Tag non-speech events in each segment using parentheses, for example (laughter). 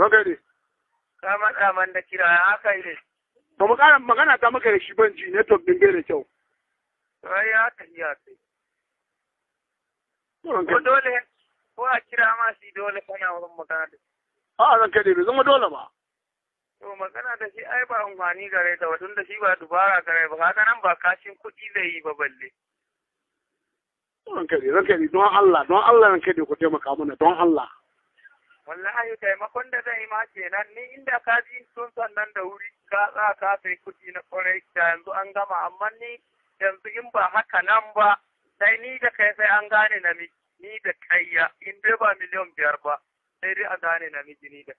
Ragare. Ka matsa man da kira haka ne. Ba mu ƙara magana ta maka da shi ban ji network ɗin bai kyau. Ai ya tafiya sai. Ko dole ko a kira ma shi dole kana wurin magana da shi. A'a zan kai bai zama dole ba. To magana da shi ai ba amfani gare da wadun da shi ba dubara gare ba haka nan ba kashin kuɗi zai yi ba balle. Zan kai zan kai don Allah don Allah zan kai ku taimaka mana don Allah. wallahi taimakon da zai ma kenan ni inda ka ji sun sannan da wuri ka za ka sai kuɗi na kwarai da yanzu an gama amma ni yanzu in ba haka nan ba sai ni da kai sai an gane na ni da ya, in dai ba miliyan biyar ba sai dai a gane na ni da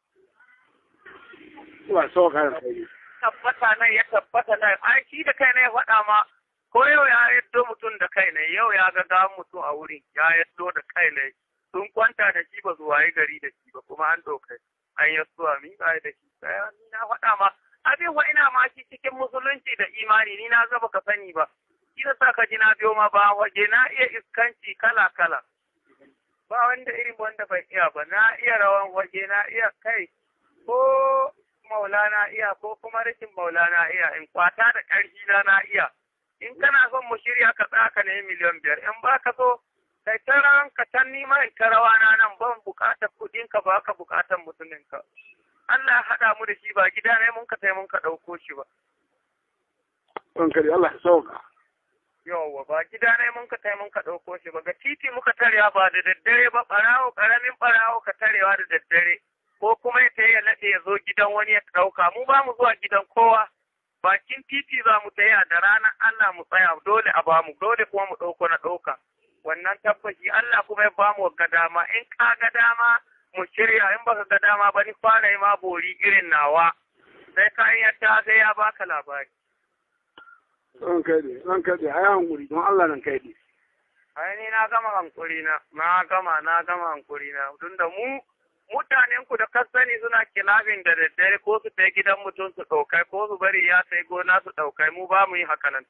tabbata nan ya tabbata nan ai shi da kai ne ya faɗa ma ko yau ya yaddo mutum da kai ne yau ya ga mutum a wurin ya yaddo da kai ne sun kwanta da shi ba su waye gari da shi ba kuma an dokai an yi a min ba da shi sai ni na faɗa ma abin wa ina ma shi cikin musulunci da imani ni na zaba ka sani ba shi da sa ka ji na biyo ma ba waje na iya iskanci kala kala ba wanda irin wanda bai iya ba na iya rawan waje na iya kai ko maulana iya ko kuma rashin maulana iya in kwata da ƙarfi na na iya in kana son mu shirya ka tsaka ne miliyan biyar in ba ka so kai ta rawan ka can nima in ta rawa na nan ban bukatar kudin ka ba ka bukatar mutumin ka Allah ya haɗa mu da shi ba gida ne mun ka sai mun ka ɗauko shi ba. kare Allah ya sauka. Yawwa ba gida ne mun ka sai mun ka ɗauko shi ba ga titi muka tarewa ba da daddare ba barawo karamin barawo ka tarewa da daddare ko kuma ya tayi ya nade ya zo gidan wani ya ɗauka mu ba mu zuwa gidan kowa. Bakin titi za mu taya da ranar Allah mu tsaya dole a ba mu, dole kuma mu ɗauko na ɗauka. wannan tabbaci Allah kuma ya bamu ga dama in ka ga dama mu shirya in baka ga dama ba ni fara yi ma bori irin nawa sai kayan yadda sai ya baka labari ran kai ne ran a yi ai hankuri don Allah nan kai ne ai ni na gama hankuri na na gama na gama hankuri na tunda mu mutanen ku da ka sani suna kilafin da daddare ko su tai gidan mutum su ɗaukai ko su bari ya sai gona su ɗaukai mu ba mu yi haka nan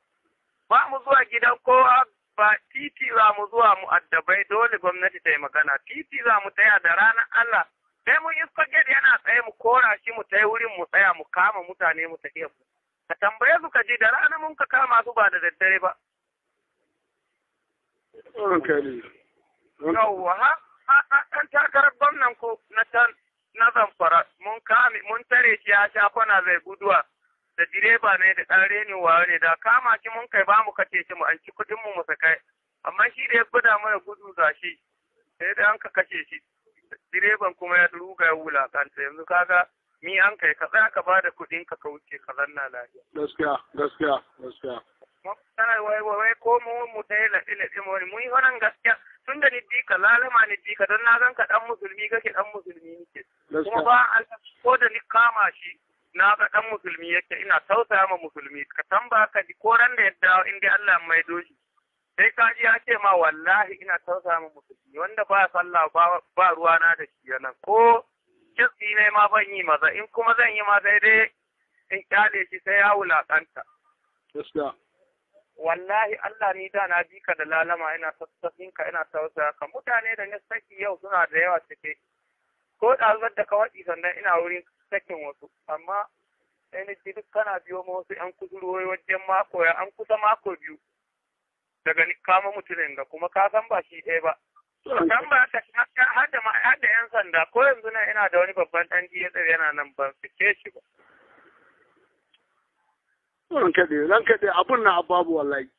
ba mu zuwa gidan kowa Ba titi za mu zuwa mu addabai dole gwamnati ta yi magana titi za mu tsaya da ranar Allah sai mun iska ged yana tsaye mu kora shi mu tai wurin mu tsaya mu kama mutane mu tafiya mu ka tambaye su ka ji da rana mun ka kama su ba da daddare ba yawwa ha ɗan takarar gwamnan ko na can na zamfara mun kame mun tare shi ya sha kwana zai guduwa da direba ne da ɗan reni wayo ne da kama shi mun kai bamu kace shi mu an ci kuɗin mu mu sakai amma shi da ya gwada mana gudu ga shi sai da an ka kace shi direban kuma ya ruga ya wulakanta yanzu kaga ni an kai ka tsaya ka bada kuɗin ka kauce ka zanna lafiya. Gaskiya, gaskiya, gaskiya. Mafisar wai wai ko mu mu ɗaya laɗi laɗi wani mun yi wannan gaskiya tun da ni ka lalama ni ka don na zan ka ɗan musulmi kake ɗan musulmi nike. Kuma ba Allah ko da ni kama shi na ga dan musulmi yake ina tausaya ma musulmi ka tamba ka ji ko ran da ya dawo in dai Allah mai shi sai ka ji ya ce ma wallahi ina tausaya ma musulmi wanda ba sallah ba ruwa na da shi nan ko kitsi ne ma ban yi maza in kuma zan yi ma daidai in kyale shi sai ya wulakanta wallahi Allah ni da na bi ka da lalama ina sassafinka ka ina tausaya ka mutane da na saki yau suna da yawa cike ko ɗalibar da ka waɗi sannan ina wurin sakin wasu amma ainihi duk kana biyo ma wasu yan kusurwoyi wajen mako ya an kusa mako biyu daga kama mutumin ga kuma ka san ba shi ɗaya ba kan ba har hada yan sanda ko yanzu nan ina da wani babban ɗan DSS yana nan ban fice shi ba ran kaɗe abun na babu wallahi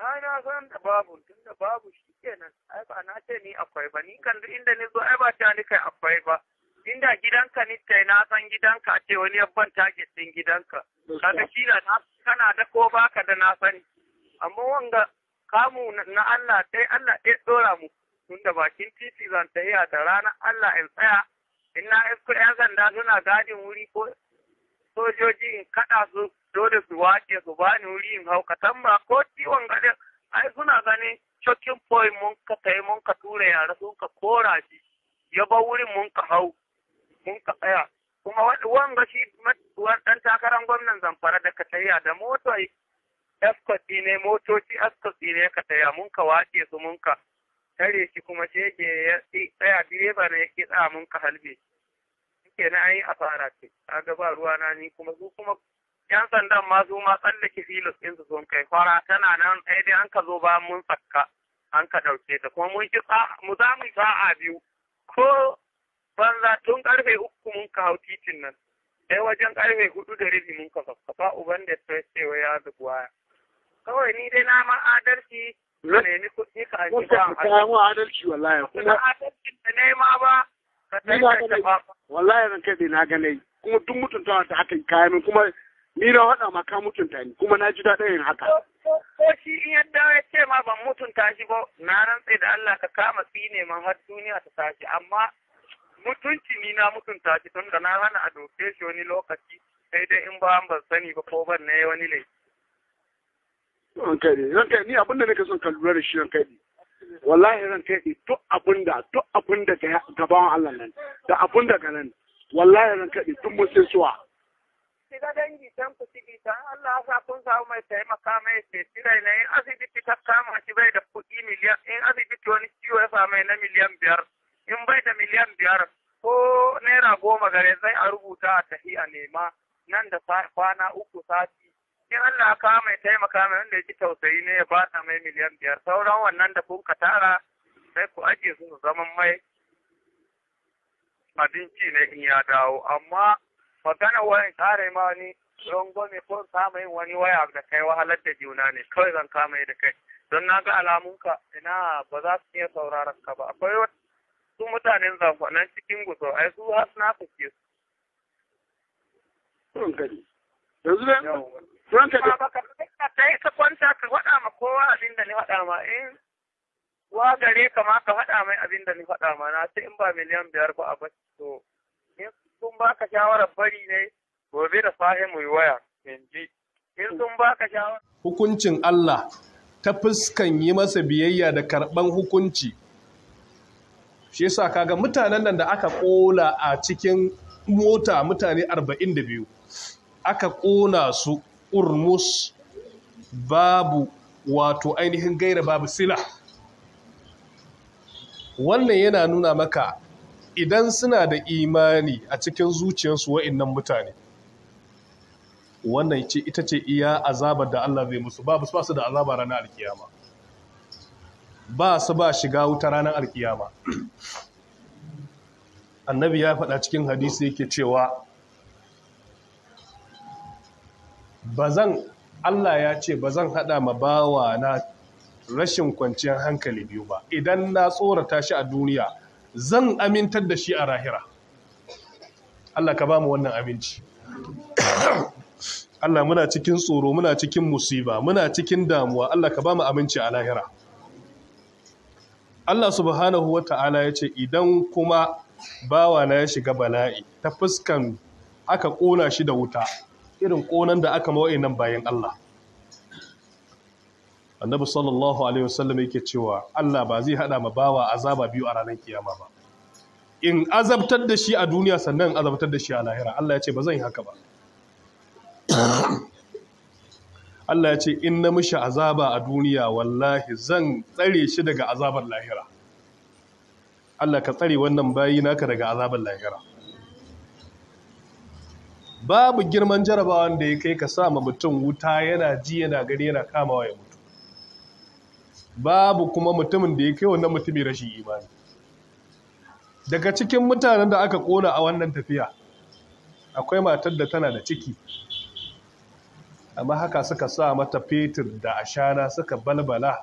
Na na san da babu tun da babu shi kenan ai ba na ce ni akwai ba ni kan duk inda ni zo ai ba ta ni kai akwai ba inda gidanka ni kai na san gidanka ce wani yabban target din gidanka kaga shi na kana da ko baka da na sani amma wanga kamu na Allah dai Allah dai dora mu tunda bakin titi zan iya da ranar Allah in tsaya in na isko yan suna gadin wuri ko sojoji in kada su dole su wace su bani wuri in hau katamba ko ciwon gadin ai suna ganin cokin point mun ka kai mun ka tura yara sun ka kora shi ya ba wurin mun ka hau mun ka tsaya kuma wanga shi dan takarar gwamnan zamfara da ka tsaya da mota escort ne motoci escort ne ka tsaya mun ka wace su mun ka tare shi kuma shege ya tsaya direba ne yake tsaya mun ka halbe ke na yi fara ce kaga ba ruwa na ni kuma su kuma yan sandan ma su ma tsallake filus din su sun kai fara tana nan ɗaya dai an ka zo ba mun tsakka an ka ɗauke ta kuma mun ki mu za mu sa'a biyu ko banza tun karfe uku mun ka hau titin nan sai wajen karfe hudu da rabi mun ka Ba uban da ta cewa ya waya. kawai ni dai na ma adalci na nemi kuɗi ka ji ba adalci wallahi kuma adalci da ne ma ba ka sai ka ba wallahi ran kai na ganai kuma duk mutunta ta aka kaya min kuma ni na hada ma ka mutunta ni kuma na ji daɗin yin haka. Ko shi in yadda ya ce ma ban mutunta shi ba na rantse da Allah ka kama tsine ma har duniya ta tashi amma mutunci ni na mutunta shi tun da na hana a doke shi wani lokaci sai dai in ba ban sani ba ko ban yi wani laifi. Rankari, rankari ni abinda nake son ka lura da shi ne. Wallahi ne, duk abinda duk abinda gaban Allah nan da abinda ga nan wallahi ne, tun mun sai suwa. Shiga dangi can ku shiga, can Allah ya sa kun samu mai taimaka mai ce rai na yin asibiti ta kama shi bai da kuɗi miliyan in asibiti wani ciwo ya mai na miliyan biyar. in bai da miliyan biyar ko naira goma gare zai a rubuta a tafi a nema nan da kwana uku sati in Allah ka mai taimaka mai wanda yake tausayi ne ya bata mai miliyan biyar sauran wannan da kun tara sai ku ajiye su zaman mai abinci ne in ya dawo amma magana wayan kare ma wani gome ko kama yin wani waya da kai wahalar da juna ne kawai zan kama da kai don na ga alamunka ina ba za su iya sauraron ka ba akwai su mutanen zafanan cikin guso ai su har na fuske su. Yanzu Ba ka ta yi ka kwanta ka faɗa ma kowa abin da ni faɗa ma in eh? wa gare ka ma ka faɗa mai abin da ni faɗa ma na ce in ba miliyan ka ne gobe da ka Hukuncin Allah ta fuskan yi masa biyayya da karɓan hukunci shi yasa kaga mutanen nan da aka ƙona a cikin mota mutane 42 aka ƙona su urmus babu wato ainihin gaira babu sila wannan yana nuna maka idan suna da imani a cikin zuciyarsu wa'innan mutane wannan ita ce iya azabar da Allah zai musu babu su da azaba ranar alkiyama ba su ba shiga wuta ranar alkiyama annabi ya faɗa cikin hadisi yake cewa ba zan Allah ya ce ba zan haɗa ma bawa na rashin kwanciyar hankali biyu ba idan na tsorata shi a duniya zan amintar da shi a rahira Allah ka ba mu wannan aminci Allah muna cikin tsoro muna cikin musiba muna cikin damuwa Allah ka ba mu aminci a lahira Allah subhanahu wa ta'ala ya ce idan kuma bawana ya shiga bala'i ta fuskan aka ƙona shi da wuta irin ƙonan da aka mawa nan bayan Allah annabi sallallahu alaihi wasallam yake cewa Allah ba zai haɗa ma bawa azaba biyu a ranar kiyama ba in azabtar da shi a duniya sannan azabtar da shi a lahira Allah ya ce ba zan yi haka ba Allah ya ce in na mishi azaba a duniya wallahi zan tsare shi daga azabar lahira Allah ka tsare wannan bayi naka daga azabar lahira babu girman jarabawan da ya kai ka sa ma mutum wuta yana ji yana gari yana kamawa ya mutu babu kuma mutumin da ya kai wannan mutumin rashin imani daga cikin mutanen da aka kona a wannan tafiya akwai matar da tana da ciki amma haka suka sa mata fetur da ashana suka balbala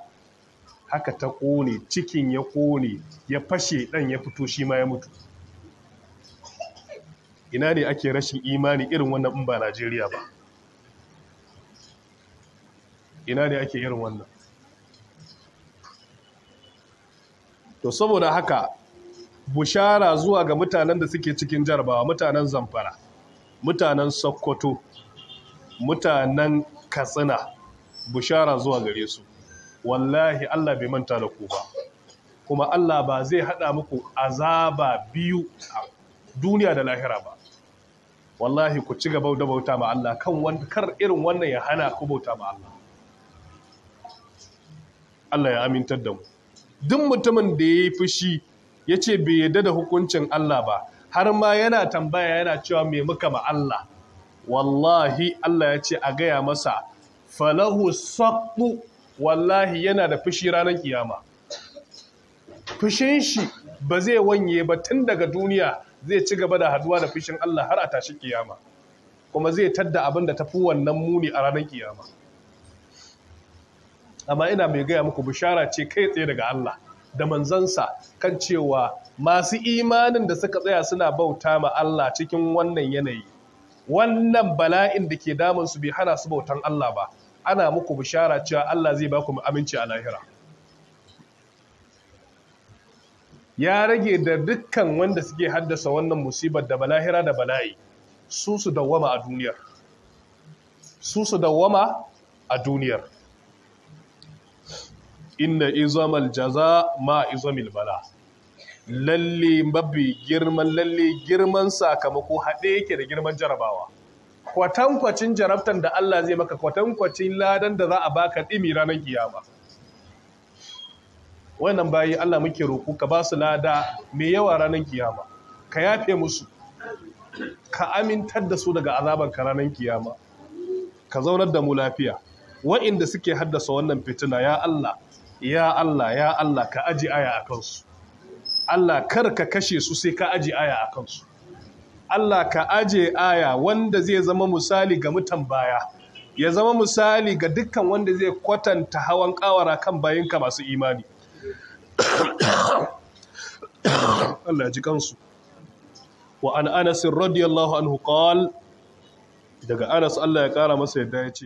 haka ta ƙone cikin ya ƙone ya fashe ɗan ya fito shi ma ya mutu ina ne ake rashin imani irin wannan in ba najeriya ba ina ne ake irin wannan to saboda haka bushara zuwa ga mutanen da suke cikin jarabawa mutanen zamfara mutanen sokoto mutanen katsina bishara zuwa gare su wallahi Allah bai manta da ku ba kuma Allah ba zai hada muku azaba biyu a duniya da lahira ba wallahi ku ci gaba da bauta ma Allah kan kar irin wannan ya hana ku bauta ma Allah Allah ya amintar da mu duk mutumin da ya yi fushi ya ce bai yadda da hukuncin Allah ba har ma yana tambaya yana cewa me muka ma Allah wallahi Allah ya ce a gaya masa falahu wallahi yana da fushi ranar kiyama fushin shi ba zai wanye ba tun daga duniya zai ci gaba da haduwa da fushin Allah har a tashi kiyama kuma zai tadda abin da tafi wannan muni a ranar kiyama amma ina mai gaya muku bishara ce kai tsaye daga Allah da manzansa kan cewa masu imanin da suka tsaya suna bauta ma Allah cikin wannan yanayi wannan bala'in da ke damun su bai hana su bautan Allah ba ana muku bishara cewa Allah zai ba ku aminci a lahira ya rage da dukkan wanda suke haddasa wannan musibar da balahira da bala'i su su dawwama a duniyar su su dawwama a duniyar inna izamal jaza ma izamil bala' lalle mabbi, girman lalle girman sakamako haɗe yake da girman jarabawa kwatankwacin jarabtan da Allah zai maka kwatankwacin ladan da za a baka ɗimi ranar kiyama wannan bayi Allah muke roƙo ka ba su lada mai yawa ranar kiyama ka yafe musu ka amintar da su daga azaban ka ranar kiyama ka zaunar da mu lafiya wa'inda suke haddasa wannan fitina ya Allah ya Allah ya Allah ka aji aya a kansu Allah kar ka kashe su sai ka aje aya a kansu Allah ka aje aya wanda zai zama misali ga mutan baya ya zama misali ga dukkan wanda zai kwatanta hawan kawara kan bayinka masu imani (coughs) Allah ji kansu wa an radiyallahu anhu qal daga Anas Allah ya kara masa yadda ya ce